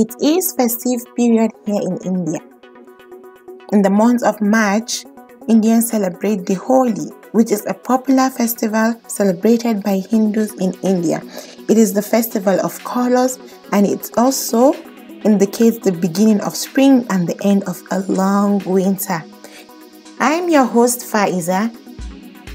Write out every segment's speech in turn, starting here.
It is festive period here in India. In the month of March, Indians celebrate the Holi, which is a popular festival celebrated by Hindus in India. It is the festival of colors and it also indicates the beginning of spring and the end of a long winter. I'm your host Faiza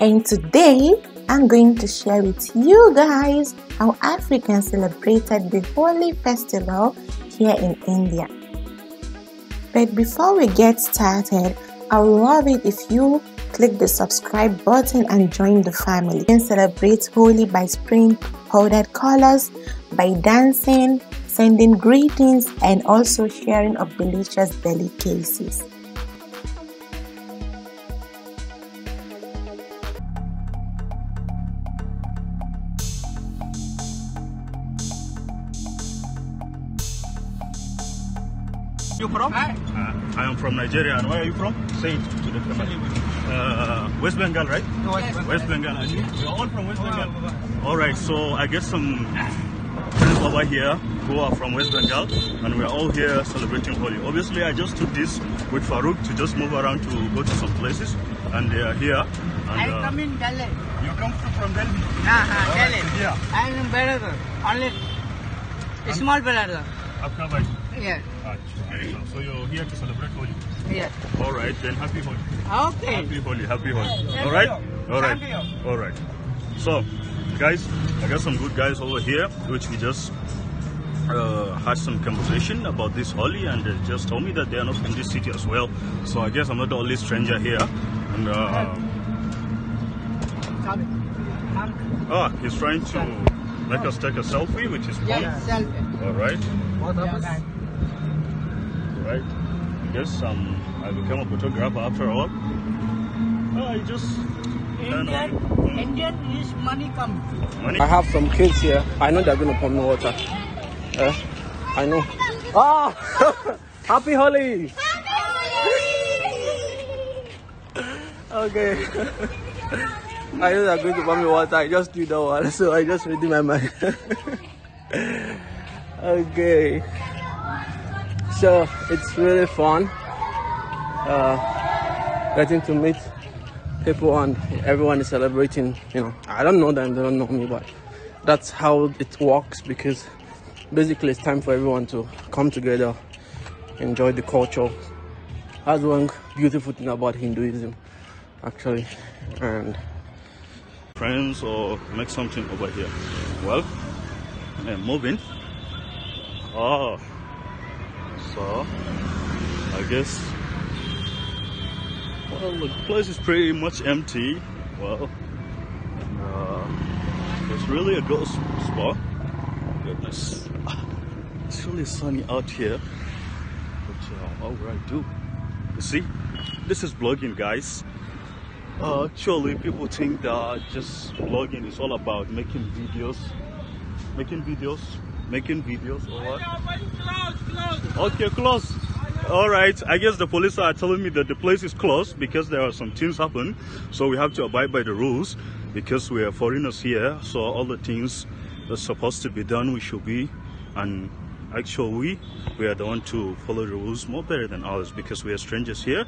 and today I'm going to share with you guys how Africans celebrated the Holi festival here in India. But before we get started, I would love it if you click the subscribe button and join the family. and celebrate Holi by spraying powdered colors, by dancing, sending greetings, and also sharing of delicious delicacies. You from? I, uh, I am from Nigeria. And where are you from? Say it to the camera. Uh, West Bengal, right? No, West, West, Bengal. Bengal. Yeah. You're all from West Bengal. Oh, all right, so I guess some friends over here who are from West Bengal, and we're all here celebrating Holi. Obviously, I just took this with Farouk to just move around to go to some places, and they are here. And, I uh, come in Delhi. You come from Delhi? Uh ah, -huh, ah, Delhi. yeah. I am in Belarusian, only small Belarusian. Afghan so you're here to celebrate Holi? Yeah. All right, then happy Holi. Okay. Happy Holi, happy Holi. All right? All right. All right. So, guys, I got some good guys over here, which we just uh, had some conversation about this Holi and they just told me that they are not from this city as well. So I guess I'm not the only stranger here. And, uh, oh, he's trying to make us take a selfie, which is fun. Yeah, selfie. All right. What happens? right? I guess um, I became a photographer after all. I just Indian, Indian is money come. Money. I have some kids here. I know they're going to pump me water. Uh, I know. Ah! Happy Holi! Holi! okay. I know they're going to pump me water. I just do that one, so I just ready my mind. okay so it's really fun uh, getting to meet people and everyone is celebrating you know i don't know them they don't know me but that's how it works because basically it's time for everyone to come together enjoy the culture that's one beautiful thing about hinduism actually and friends or make something over here well i'm moving oh so I guess well the place is pretty much empty well uh, it's really a good spot goodness it's really sunny out here but uh, what would I do you see this is blogging guys uh, actually people think that just blogging is all about making videos making videos making videos or what? Okay, close. All right, I guess the police are telling me that the place is closed because there are some things happen. So we have to abide by the rules because we are foreigners here. So all the things that's supposed to be done, we should be. And actually, we are the one to follow the rules more better than others because we are strangers here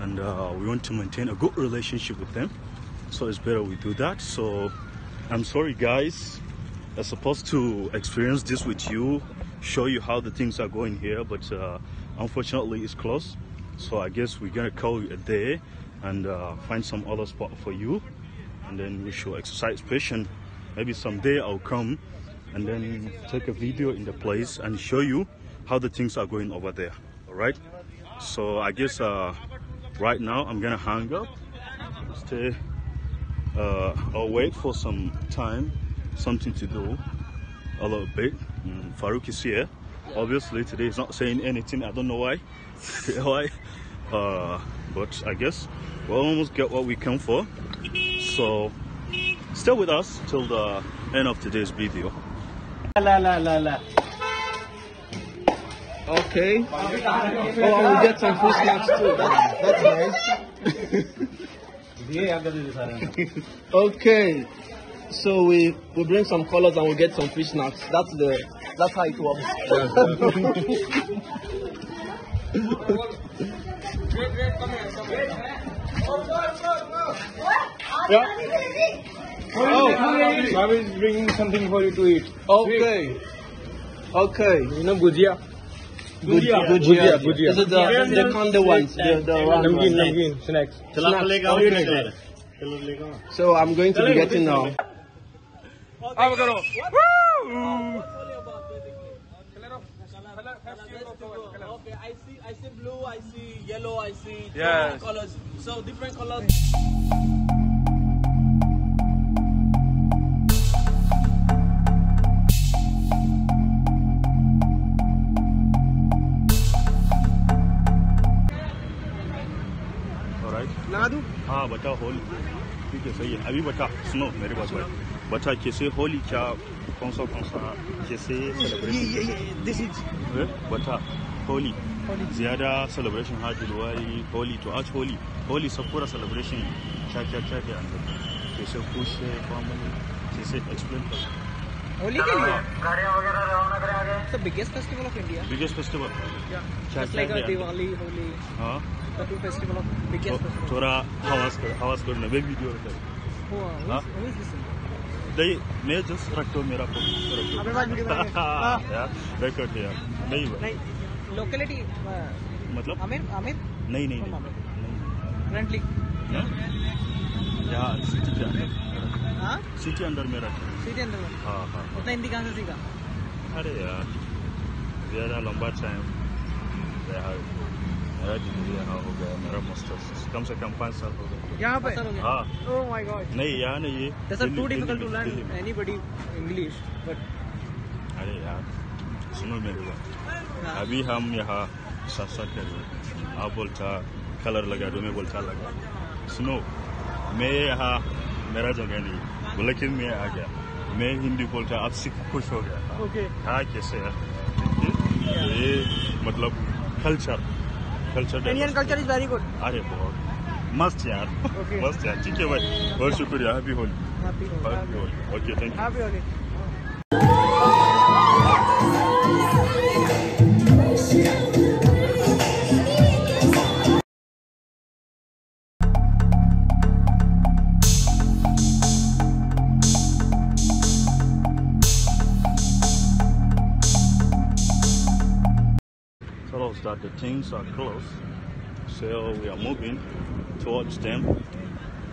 and uh, we want to maintain a good relationship with them. So it's better we do that. So I'm sorry guys are supposed to experience this with you, show you how the things are going here, but uh, unfortunately it's closed. So I guess we're gonna call it a day and uh, find some other spot for you. And then we should exercise patience. Maybe someday I'll come and then take a video in the place and show you how the things are going over there. All right. So I guess uh, right now I'm gonna hang up, stay, uh, I'll wait for some time something to do a little bit. Mm, Farouk is here. Yeah. Obviously today he's not saying anything. I don't know why. why? Uh, but I guess we will almost get what we come for. So stay with us till the end of today's video. La la la la. Okay. Oh, I will get some food snacks too. that's nice. okay. So we, we bring some colors and we get some fish snacks. That's the that's how it works. yeah. Oh, I was bringing something for you to eat. Okay. Okay. You know gujia. Gujia, gujia, gujia. This is the, the condo ones. The, the namkeen, namkeen, snacks. Snacks. Okay. So I'm going to be getting now. अब करो Okay, I see, I see blue, I see yellow, I see yes. colors. So different colors. लगा दूँ हाँ बचा whole ठीक है सही है अभी बचा सुनो मेरे पास भाई बच्चा कैसे होली क्या कौन सा कौन सा कैसे बच्चा होली ज़्यादा सेलिब्रेशन हाँ दिलवाई होली तो आज होली होली सब पूरा सेलिब्रेशन है क्या क्या क्या क्या अंदर जैसे खुश है कॉमन कैसे एक्सप्लेन कर होली के लिए biggest festival of India biggest festival Diwali Holi festival of biggest थोड़ा आवाज़ कर आवाज़ करना हाँ। वीडियो नहीं मैं जस्ट रख दो मेरा फोन रिकॉर्ड हाँ, हाँ। यार नहीं लोकेलिटी uh, मतलब आमिर आमिर नहीं नहीं करंटली हाँ? यहाँ सिटी के अंदर सिटी अंदर में रख सिटी अंदर में हाँ हाँ उतना हिंदी कहाँ से सीखा अरे यार ज़्यादा लंबा टाइम मेरा जिंदगी यहाँ हो गया मेरा मास्टर्स कम से कम पाँच साल हो गए यहाँ पे हाँ नहीं यहाँ नहीं ये टू इंग्लिश अरे यार सुनो मेरी बात अभी हम यहाँ साथ कर रहे आप बोलता कलर लगा दो मैं बोलता लगा सुनो मैं यहाँ मेरा जगह नहीं लेकिन मैं आ गया मैं हिंदी बोलता आप सिख खुश हो गया हाँ कैसे है ये मतलब culture culture Indian culture is very good अरे बहुत मस्त यार मस्त यार ठीक है भाई बहुत शुक्रिया happy Holi happy Holi okay thank you happy Holi that the things are close. So we are moving towards them,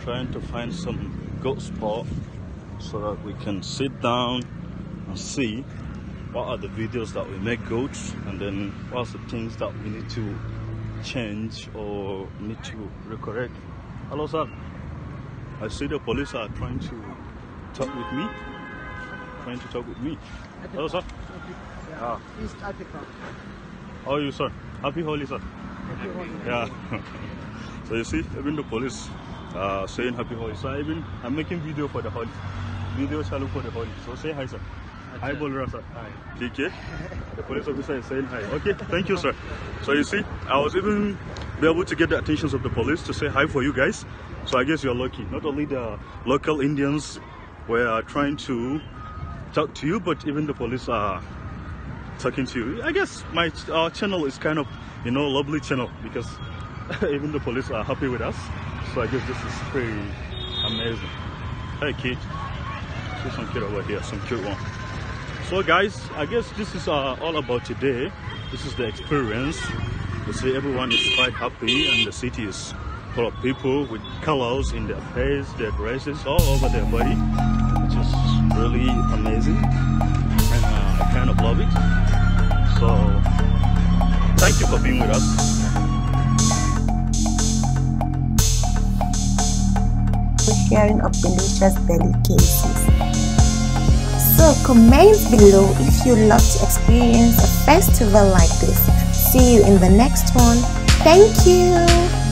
trying to find some good spot so that we can sit down and see what are the videos that we make good and then what's the things that we need to change or need to recorrect. Hello sir, I see the police are trying to talk with me, trying to talk with me. Hello sir. Ah. East Africa. How oh, are you, sir? Happy Holi, sir. Happy Holi. Yeah. so you see, even the police uh, saying Happy Holi. So i I'm making video for the Holi. Video channel for the Holi. So say hi, sir. Hi, Bolra, sir. Hi. KK. The police officer is saying hi. Okay, thank you, sir. So you see, I was even able to get the attentions of the police to say hi for you guys. So I guess you're lucky. Not only the local Indians were trying to talk to you, but even the police are talking to you. I guess my our channel is kind of, you know, lovely channel because even the police are happy with us. So I guess this is pretty amazing. Hey kid, some kid over here, some cute one. So guys, I guess this is uh, all about today. This is the experience. You see everyone is quite happy and the city is full of people with colors in their face, their dresses, all over their body, which is really amazing love it. So thank you for being with us. For sharing of delicious belly cases. So comment below if you love to experience a festival like this. See you in the next one. Thank you.